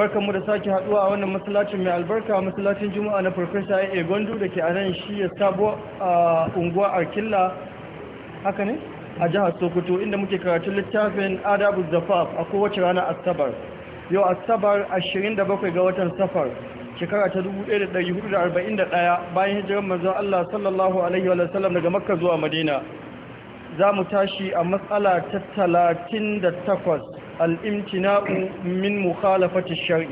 barkan mu da sake haduwa a wannan masallacin mai albarka masallacin juma'a na farfesa ai egondu da ke a nan shi ya sabo a unguwa arkilla haka ne a jihar sokoto inda muke karatun littafin adabu zafaf a kowace rana asabar yau asabar 27 ga watan safar shekara ta 1441 bayan hijirar manzon Allah sallallahu alaihi wa sallam daga makka zuwa madina za mu tashi a matsala ta 38 الامتناء من مخالفة الشرع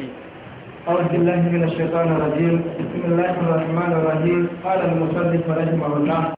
أعوذ بالله من الشيطان الرجيم بسم الله الرحمن الرحيم قال المصنف رحمه الله